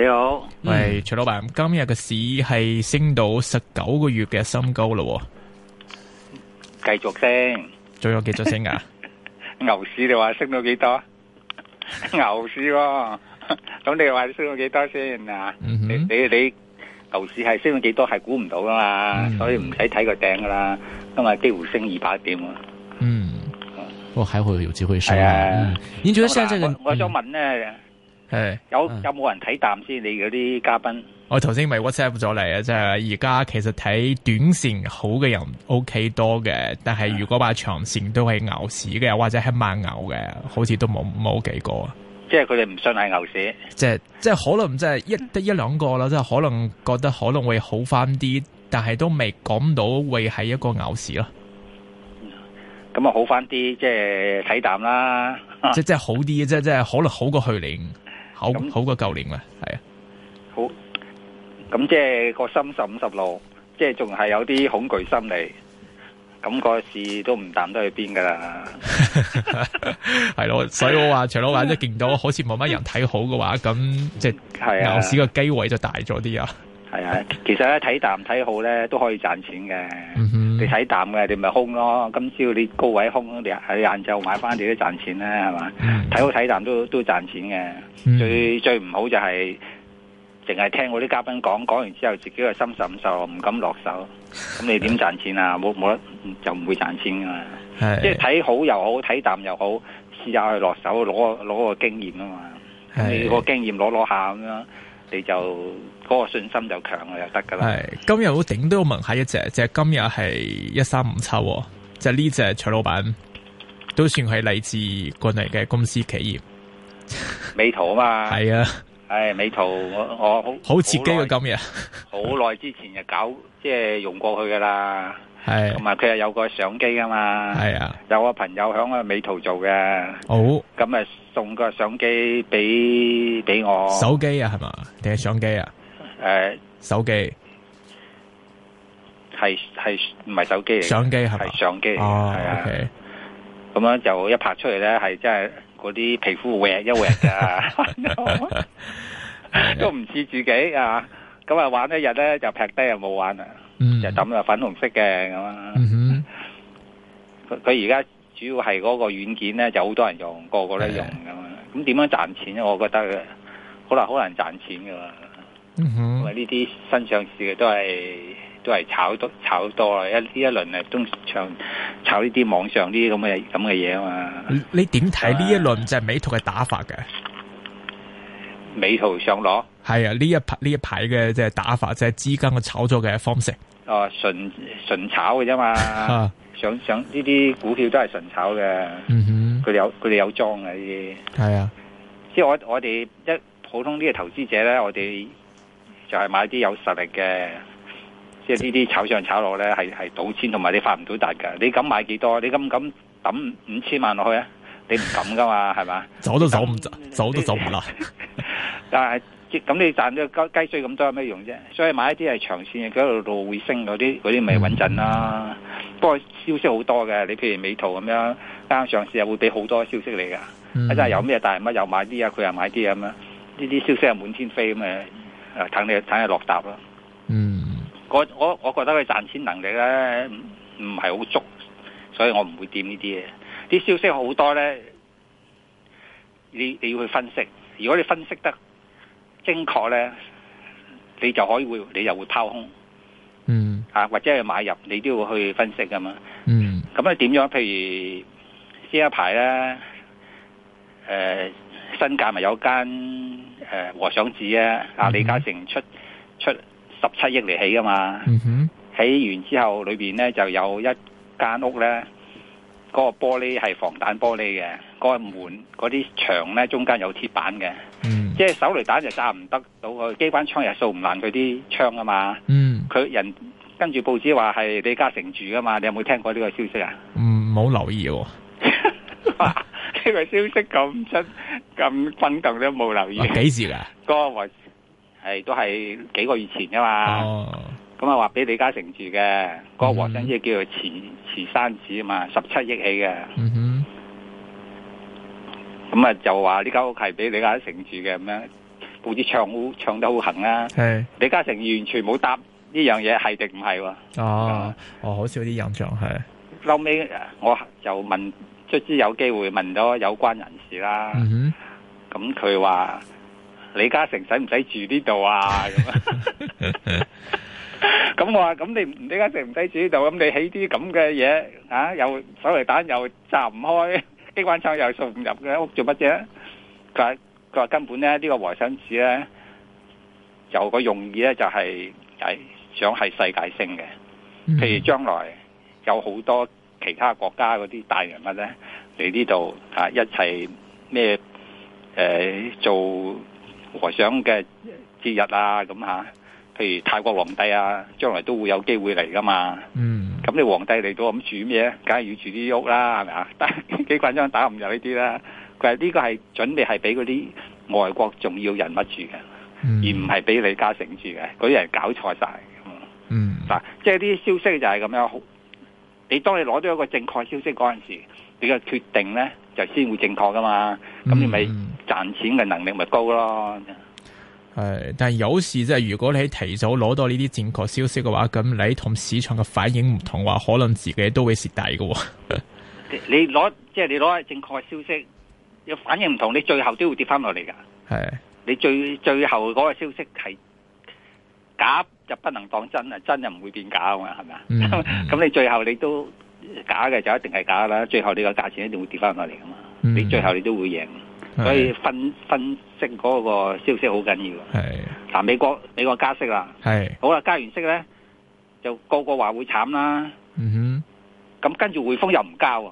你好，喂，徐老闆，今日嘅市係升到十九個月嘅新高咯，繼續升，仲有幾多升啊？牛市你話升到幾多？牛市，咁你話升到幾多先啊？你你你，牛市係升到幾多係估唔到噶嘛？所以唔使睇個頂噶啦，今日幾乎升二百點。嗯，我喺會有機會升啊。嗯，您覺得我想問咧。誒誒，有有冇人睇淡先？你嗰啲嘉賓，我頭先咪 WhatsApp 咗嚟啊！即係而家其實睇短線好嘅人 OK 多嘅，但係如果話長線都係牛市嘅，或者係慢牛嘅，好似都冇冇幾個。即係佢哋唔信係牛市。即係即係可能即係一得一兩個啦，即係可能覺得可能會好翻啲，但係都未講到會係一個牛市咯。咁啊，好翻啲即係睇淡啦。即即係好啲，即即係可能好過去年。好好過舊年啦，係啊，好，咁即係個心十五十六，即係仲係有啲恐懼心理，咁個市都唔淡得去邊噶啦，係咯，所以我話徐老闆都見到好似冇乜人睇好嘅話，咁即係牛市嘅機會就大咗啲啊。 係啊，其實咧睇淡睇好咧都可以賺錢嘅、mm hmm.。你睇淡嘅，你咪空咯。今朝你高位空，你喺晏晝買翻，你都賺錢啦，係嘛？睇、mm hmm. 好睇淡都都賺錢嘅、mm hmm.。最最唔好就係淨係聽我啲嘉賓講，講完之後自己嘅心承受，唔敢落手，咁你點賺錢啊？冇冇 得就唔會賺錢噶嘛。 即係睇好又好，睇淡又好，試下去落手，攞攞個經驗啊嘛。 咁你嗰個經驗攞攞下咁樣。你就嗰、那個信心就強我就得噶啦。係今日好頂都要問一下一隻，即係今日係一三五七即係呢隻徐老闆都算係嚟自國內嘅公司企業。美圖啊嘛。係 啊，係、哎、美圖，我我， 我好好似記今日好耐之前就搞，即、就、係、是、用過去噶啦。係，同埋佢又有個相機噶嘛，係啊，有個朋友響我美圖做嘅，好、哦，咁咪送個相機俾俾我，手機啊係嘛，定係相機啊？誒，手機係係唔係手機嚟？相機係相機嚟，係啊，咁樣就一拍出嚟咧，係真係嗰啲皮膚滑一滑㗎。 都唔似自己啊，咁啊玩一日咧就劈低又冇玩就抌啦，嗯、粉紅色嘅咁啊！佢而家主要係嗰個軟件咧，就好多人用，個個都用咁啊！咁點的樣賺錢？我覺得好難好難賺錢噶。嗯、哼因為呢啲新上市嘅都係都係炒，炒多炒多一呢一輪啊，中場炒呢啲網上呢啲咁嘅咁嘅嘢啊嘛！你點睇呢一輪就美圖嘅打法嘅？美圖上落，係啊！呢一排呢一排嘅即係打法，即係資金嘅炒作嘅方式。哦，純純炒嘅啫嘛。啊， 上上呢啲股票都係純炒嘅。嗯哼，佢有佢哋有裝嘅呢啲。係啊，即係我我哋一普通啲嘅投資者咧，我哋就係買啲有實力嘅，即係呢啲炒上炒落咧，係係賭錢，同埋你發唔到達噶。你敢買幾多？你敢唔敢抌五千萬落去啊？你唔敢噶嘛，係嘛 ？走都走唔走，走都走唔啦。 但係咁你賺咗雞雞碎咁多有咩用啫？所以買一啲係長線嗰度會升嗰啲嗰啲咪穩陣啦。Mm hmm. 不過消息好多嘅，你譬如美圖咁樣啱上市，又會俾好多消息你噶。真係、mm hmm. 有咩大乜又買啲啊，佢又買啲呀？咁啊。呢啲消息係滿天飛咁啊，等你等下落答啦。嗯、mm，hmm. 我我我覺得佢賺錢能力咧唔係好足，所以我唔會掂呢啲嘢。啲消息好多咧，你你要去分析。如果你分析得精確咧，你就可以會你又會拋空，嗯啊，或者係買入，你都要去分析噶嘛。嗯，咁啊點樣？譬如呢一排咧，誒、呃、新界咪有間、呃、和尚寺啊，啊李嘉誠出、嗯、哼出十七億嚟起噶嘛，起、嗯、哼完之後裏面咧就有一間屋啦。嗰個玻璃係防彈玻璃嘅，嗰、嗰個門嗰啲牆咧，中間有鐵板嘅，嗯、即係手雷彈就炸唔得到佢，機關槍又掃唔爛佢啲槍啊嘛。嗯，佢人跟住報紙話係李嘉誠住噶嘛，你有冇聽過呢個消息啊？唔好、嗯、留意喎，呢個消息咁出咁轟動都冇留意。幾時㗎？嗰個位係都係幾個月前啊嘛。哦。咁啊，話俾、嗯嗯、哼李嘉誠住嘅，嗰、那個黃振英叫做慈慈山寺啊嘛，十七億起嘅。嗯、哼。咁、嗯、啊，就話呢間屋係俾李嘉誠住嘅，咁樣好似唱好唱得好行啦。係。李嘉誠完全冇答呢樣嘢係定唔係喎？哦，好少啲印象係。後尾我就問，即係有機會問到有關人士啦。嗯、哼。咁佢話李嘉誠使唔使住呢度啊？ 咁我話咁你唔點解食唔抵煮就咁？你起啲咁嘅嘢啊，又手榴彈又炸唔開，機關槍又送唔入嘅，屋做乜啫？佢佢話根本咧呢個和尚寺咧，有個用意咧就係誒想係世界性嘅。譬如將來有好多其他國家嗰啲大人物咧嚟呢度啊，一齊咩誒做和尚嘅節日啊咁吓。譬如泰國皇帝啊，將來都會有機會嚟噶嘛。嗯，咁你皇帝嚟到咁住咩？梗係要住啲屋啦，係咪啊？但 係幾慣將打唔入呢啲啦。佢係呢個係準備係俾嗰啲外國重要人物住嘅，嗯、而唔係俾李嘉誠住嘅。嗰啲人搞錯晒。嗯。嗱，即係啲消息就係咁樣。你當你攞到一個正確消息嗰陣時，你個決定咧就先會正確噶嘛。咁、嗯、你咪賺錢嘅能力咪高咯。誒，但係有時即係如果你提早攞到呢啲正確消息嘅話，咁你同市場嘅反應唔同，話可能自己都會蝕底嘅。就是、你攞即係你攞係正確嘅消息，反應唔同，你最後都會跌翻落嚟噶。係是的 你最最後嗰個消息係假，就不能當真啊！真就唔會變假啊嘛，係咪啊？咁、嗯、 你最後你都假嘅，就一定係假啦。最後你個價錢一定會跌翻落嚟噶嘛，嗯、你最後你都會贏。所以是分分析嗰個消息好緊要。係嗱是，但美國美國加息啦，係是好啦，加完息咧就個個話會慘啦。嗯哼，咁跟住匯豐又唔加喎。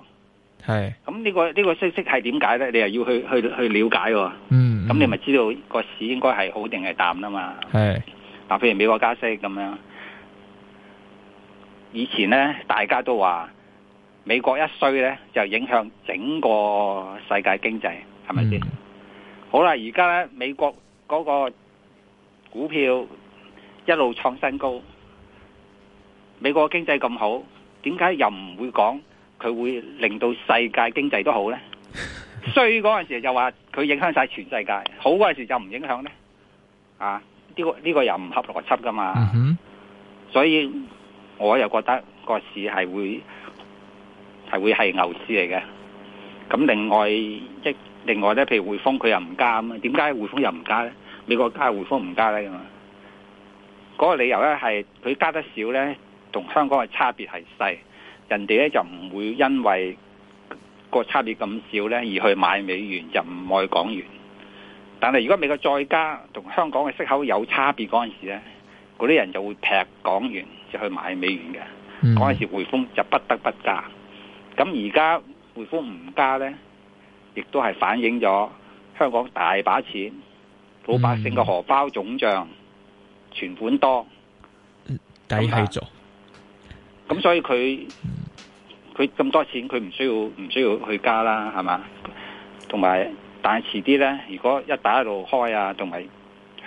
係咁，呢個呢、呢個消息係點解咧？你又要去去去了解喎。嗯，嗯，咁你咪知道個市應該係好定係淡啦嘛。係嗱是，譬如美國加息咁樣，以前咧大家都話美國一衰咧就影響整個世界經濟。係咪先？嗯、好啦，而家咧美國嗰個股票一路創新高，美國經濟咁好，點解又唔會講佢會令到世界經濟都好咧？衰嗰陣時就話佢影響晒全世界，好嗰陣時就唔影響咧？啊，呢個呢個又唔合邏輯噶嘛？嗯、哼所以我又覺得個市係會係會係牛市嚟嘅。咁另外一、就是另外咧，譬如匯豐佢又唔加啊嘛，點解匯豐又唔加咧？美國加係匯豐唔加咧嘛？嗰、嗰個理由咧係佢加得少咧，同香港嘅差別係細，人哋咧就唔會因為個差別咁少咧而去買美元就唔愛港元。但係如果美國再加同香港嘅息口有差別嗰陣時咧，嗰啲人就會劈港元就去買美元嘅。嗰陣時匯豐就不得不加。咁而家匯豐唔加咧？亦都係反映咗香港大把錢，老百姓個荷包腫脹存款多，底細咗。咁、嗯嗯、所以佢佢咁多錢，佢唔需要唔需要去加啦，係嘛？同埋，但係遲啲咧，如果一帶一路開啊，同埋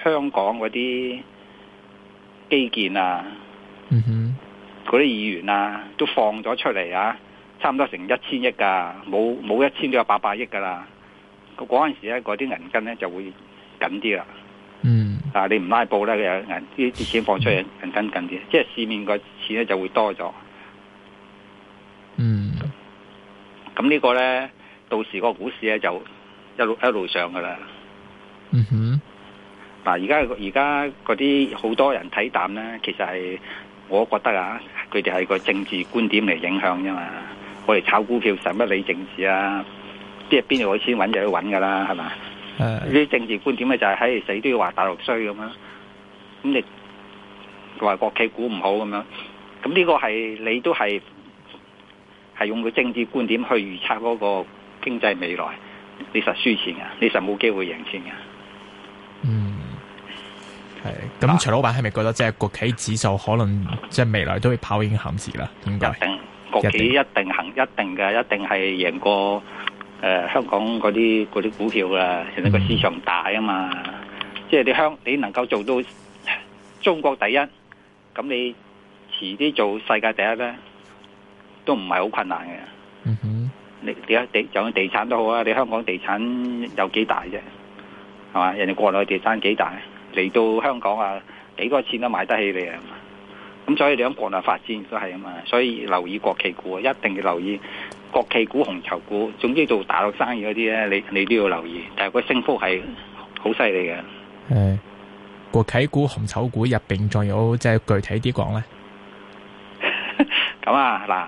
香港嗰啲基建啊，嗯、哼，嗰啲議員啊，都放咗出嚟啊。差唔多成一千億噶，冇冇一千都有八百億噶啦。嗰嗰陣時咧，嗰啲銀根咧就會緊啲啦。嗯，但你唔拉布咧，有銀啲啲錢放出去，銀根緊啲，即係市面個錢咧就會多咗。嗯，咁呢個咧，到時個股市咧就一路一路上噶啦。嗯哼，嗱，而家而家嗰啲好多人睇淡咧，其實係我覺得啊，佢哋係個政治觀點嚟影響啫嘛。我哋炒股票使乜理政治啊？即係邊度有錢揾就去揾噶啦，係嘛？啲、uh, 政治觀點咧就係、是、喺、哎、死都要話大陸衰咁樣！咁你話國企股唔好咁樣，咁呢個係你都係係用個政治觀點去預測嗰個經濟未來，你實輸錢嘅，你實冇機會贏錢嘅、嗯。嗯，係但。咁但徐老闆係咪覺得即係國企指數可能、啊、即係未來都會跑贏恆指啦？應該。國企一定行一定嘅，一定係贏過誒、呃、香港嗰啲啲股票噶，成個市場大啊嘛。Mm hmm. 即係你香你能夠做到中國第一，咁你遲啲做世界第一咧，都唔係好困難嘅。嗯哼、mm，hmm. 你而家地就地產都好啊，你香港地產有幾大啫？係嘛，人哋國內地產幾大，嚟到香港啊，幾多錢都買得起你啊！咁所以你喺國內發展都係啊嘛，所以留意國企股，一定要留意國企股、紅籌股，總之做大陸生意嗰啲咧，你你都要留意。但係個升幅係好犀利嘅。誒，國企股、紅籌股入邊仲有即係具體啲講咧？咁啊嗱，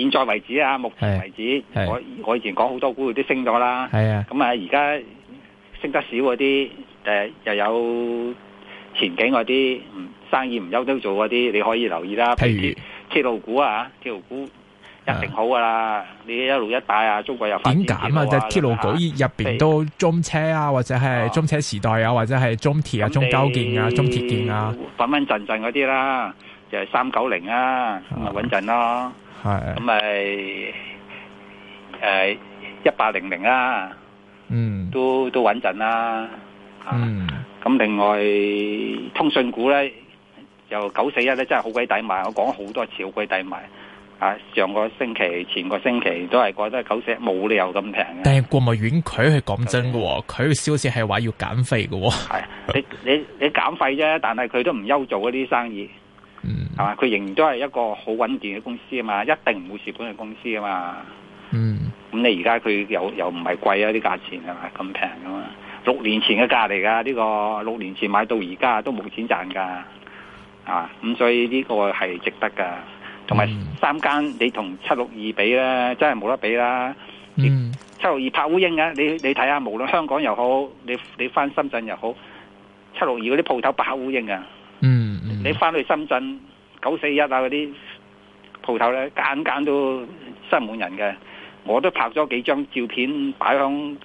現在為止啊，目前為止，我我以前講好多股都升咗啦。係啊。咁啊，而家升得少嗰啲，誒又有前景嗰啲，嗯。生意唔憂得做嗰啲，你可以留意啦。譬如鐵路股啊，鐵路股一定好噶啦。你一路一帶啊，中國又發展緊啊。點解啊？就鐵路股入邊都中車啊，或者係中車時代啊，或者係中鐵啊、中交建啊、中鐵建啊，穩穩陣陣嗰啲啦。就係三九零啊，咁啊穩陣咯。係。咁咪誒一八零零啊，嗯，都都穩陣啦。嗯。咁另外通訊股咧。由九四一咧，真係好鬼抵買。我講好多次，好鬼抵買啊！上個星期、前個星期都係覺得九四一冇理由咁平嘅。但係國務院佢係講真嘅喎，佢嘅消息係話要減費嘅喎。你你你減費啫，但係佢都唔休做嗰啲生意。嗯，係嘛、啊？佢仍然都係一個好穩定嘅公司啊嘛，一定唔會蝕本嘅公司啊嘛。嗯，咁你而家佢又又唔係貴啊？啲價錢係咪咁平嘅嘛？六年前嘅價嚟㗎，呢、這個六年前買到而家都冇錢賺㗎。啊，咁所以呢個係值得噶，同埋三間你同七六二比咧，嗯、真係冇得比啦。嗯，七六二拍烏蠅嘅，你你睇下，無論香港又好，你你翻深圳又好，七六二嗰啲鋪頭拍烏蠅啊。嗯，你翻去深圳九四一啊嗰啲鋪頭咧，間間都塞滿人嘅。我都拍咗幾張照片擺響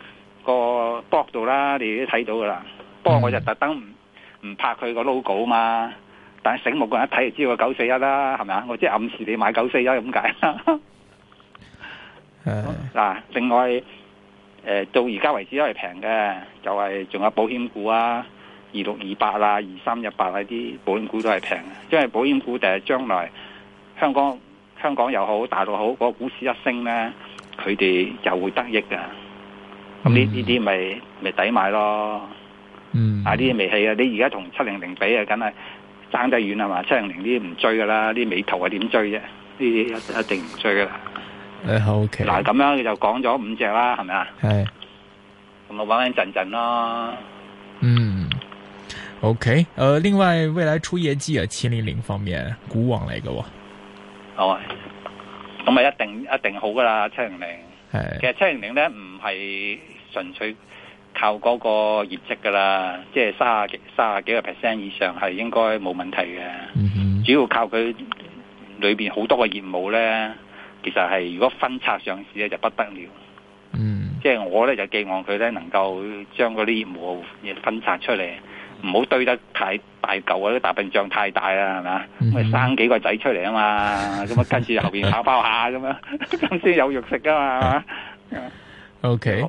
個 blog 度啦，你哋都睇到噶啦。嗯、不過我就特登唔唔拍佢個 logo 嘛。但係醒目個人一睇就知道九四一啦，係咪啊？我即係暗示你買九四一咁解。嗱，另外、呃、到而家為止都係平嘅，就係、是、仲有保險股啊，二六二八啊，二三一八啊啲保險股都係平。因為保險股就係將來香港香港又好，大陸好，嗰個股市一升咧，佢哋就會得益㗎。咁呢呢啲咪咪抵買咯？嗯、um, 啊，買呢啲未氣啊！你而家同七零零比啊，梗係～爭得遠係嘛，七零零啲唔追噶啦，啲尾圖係點追啫？呢啲一一定唔追噶啦。你好、uh, okay.，嗱咁樣你就講咗五隻啦，係咪啊？係 Hey.，咁啊穩穩陣陣咯。嗯，OK，誒、呃，另外未來出業績啊，七零零方面股王嚟噶，好啊，咁啊一定一定好噶啦，七零零。係。Hey. 其實七零零咧唔係純粹。靠嗰個業績噶啦，即係卅幾卅幾個 percent 以上係應該冇問題嘅。Mm hmm. 主要靠佢裏邊好多個業務呢，其實係如果分拆上市咧就不得了。嗯、mm，hmm. 即係我呢，就寄望佢呢能夠將嗰啲業務分拆出嚟，唔好堆得太大嚿啊！啲大笨象太大啦，係咪啊？Mm hmm. 生幾個仔出嚟啊嘛，咁啊跟住後邊爆下下咁樣，咁先有肉食噶嘛，係嘛？OK。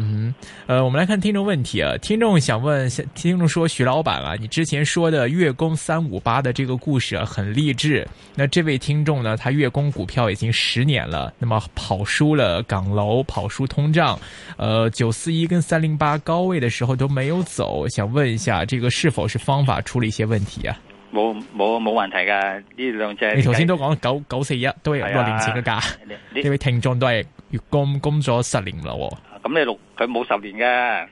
嗯，呃，我們來看聽眾問題啊。聽眾想問，聽眾說徐老板啊，你之前說的月供三五八的這個故事啊，很勵志。那這位聽眾呢，他月供股票已經十年了，那麼跑輸了港樓，跑輸通脹，呃，九四一跟三零八高位的時候都沒有走，想問一下這個是否是方法出了一些問題啊？冇冇冇問題㗎，呢兩隻你頭先都講九九四一都係六年前嘅價，呢位聽眾都係月供供咗十年咯。咁你六佢冇十年嘅，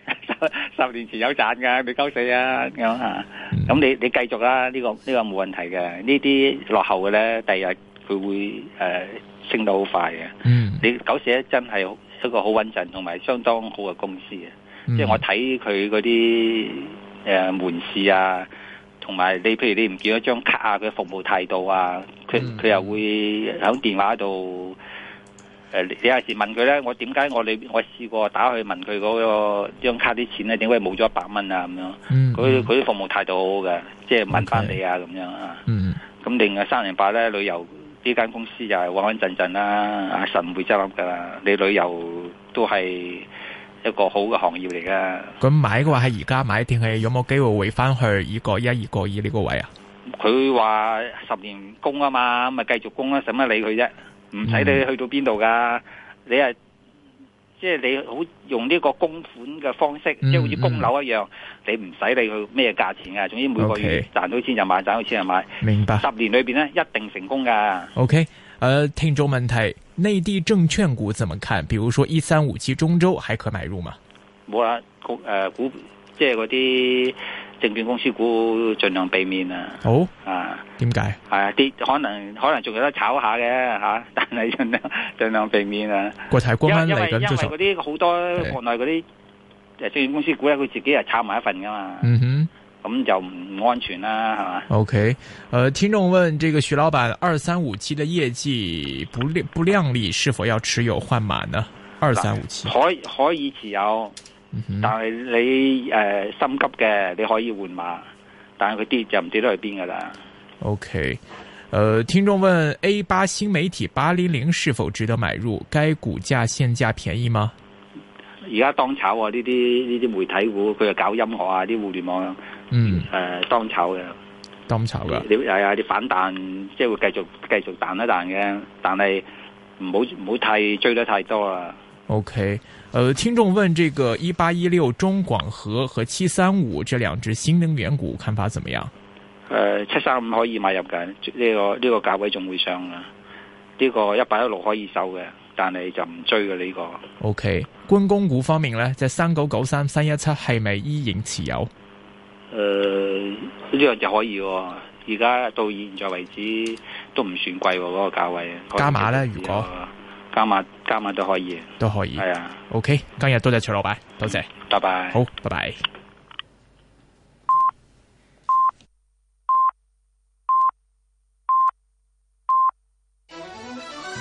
十年前有賺㗎，未鳩死啊咁咁你你繼續啦，呢、這個呢、這個冇問題嘅。呢啲落後嘅咧，第日佢會誒、呃、升得好快嘅。嗯、你鳩死真係一個好穩陣同埋相當好嘅公司嘅，即係、嗯、我睇佢嗰啲誒門市啊，同埋你譬如你唔見咗張卡啊，佢服務態度啊，佢佢又會喺電話度。你有時問佢咧，我點解我哋我試過打去問佢嗰個張卡啲錢咧，點解冇咗一百蚊啊？咁樣，佢佢啲服務態度好好嘅，即係問翻你啊咁樣啊。咁另外三零八咧，旅遊呢間公司就係穩穩陣陣啦，阿神唔會執笠噶啦。你旅遊都係一個好嘅行業嚟㗎。咁買嘅話喺而家買定係有冇機會回翻去二個一、二個二呢個位啊？佢話十年供啊嘛，咁咪繼續供啦，使乜理佢啫？唔使、嗯、你去到邊度噶你係即係你好用呢個供款嘅方式，嗯、即係好似供樓一樣，嗯、你唔使你去咩價錢嘅，總之每個月賺到錢就買，賺 Okay, 到錢就買。明白。十年裏邊咧，一定成功噶。OK，誒、呃，聽眾問題，內地證券股怎麼看？比如說一三五七中州還可買入嘛？冇啦、啊，誒股、呃、股即係嗰啲。證券公司股盡量避免啊，好、哦、啊，點解係跌可能可能仲有得炒下嘅吓、啊，但係盡量盡量避免啊。國泰君安因為因為嗰啲好多國內嗰啲誒證券公司股咧，佢對自己係炒埋一份噶嘛。嗯哼，咁就唔安全啦，係嘛。O K，誒，聽眾問：，這個徐老闆二三五七嘅業績不不亮麗，是否要持有換馬呢？二三五七可以可以持有。嗯、但係你誒、呃、心急嘅，你可以換馬，但係佢跌就唔跌到去邊噶啦。OK，誒、呃，聽眾問 A 八新媒體八零零是否值得買入？該股價現價便宜嗎？而家當炒啊！呢啲呢啲媒體股，佢又搞音樂啊，啲互聯網，嗯誒、呃，當炒嘅，當炒噶，你係啊，你反彈即係會繼續繼續彈一彈嘅，但係唔好唔好太追得太多啦。OK。呃聽眾問：這個一八一六中廣核和七三五這兩隻新能源股看法怎麼樣？誒、呃，七三五可以買入嘅，呢、這個呢、這個價位仲會上嘅、啊。呢、這個一八一六可以收嘅，但係就唔追嘅呢、這個。O K，軍工股方面呢，即3三九九三三一七係咪依然持有？誒、呃，呢、這個就可以了，而家到現在為止都唔算貴嗰、那個價位。加碼咧，如果。加埋加埋都可以，都可以。係啊，OK，今日多謝徐老闆，多謝，拜拜。好，拜拜。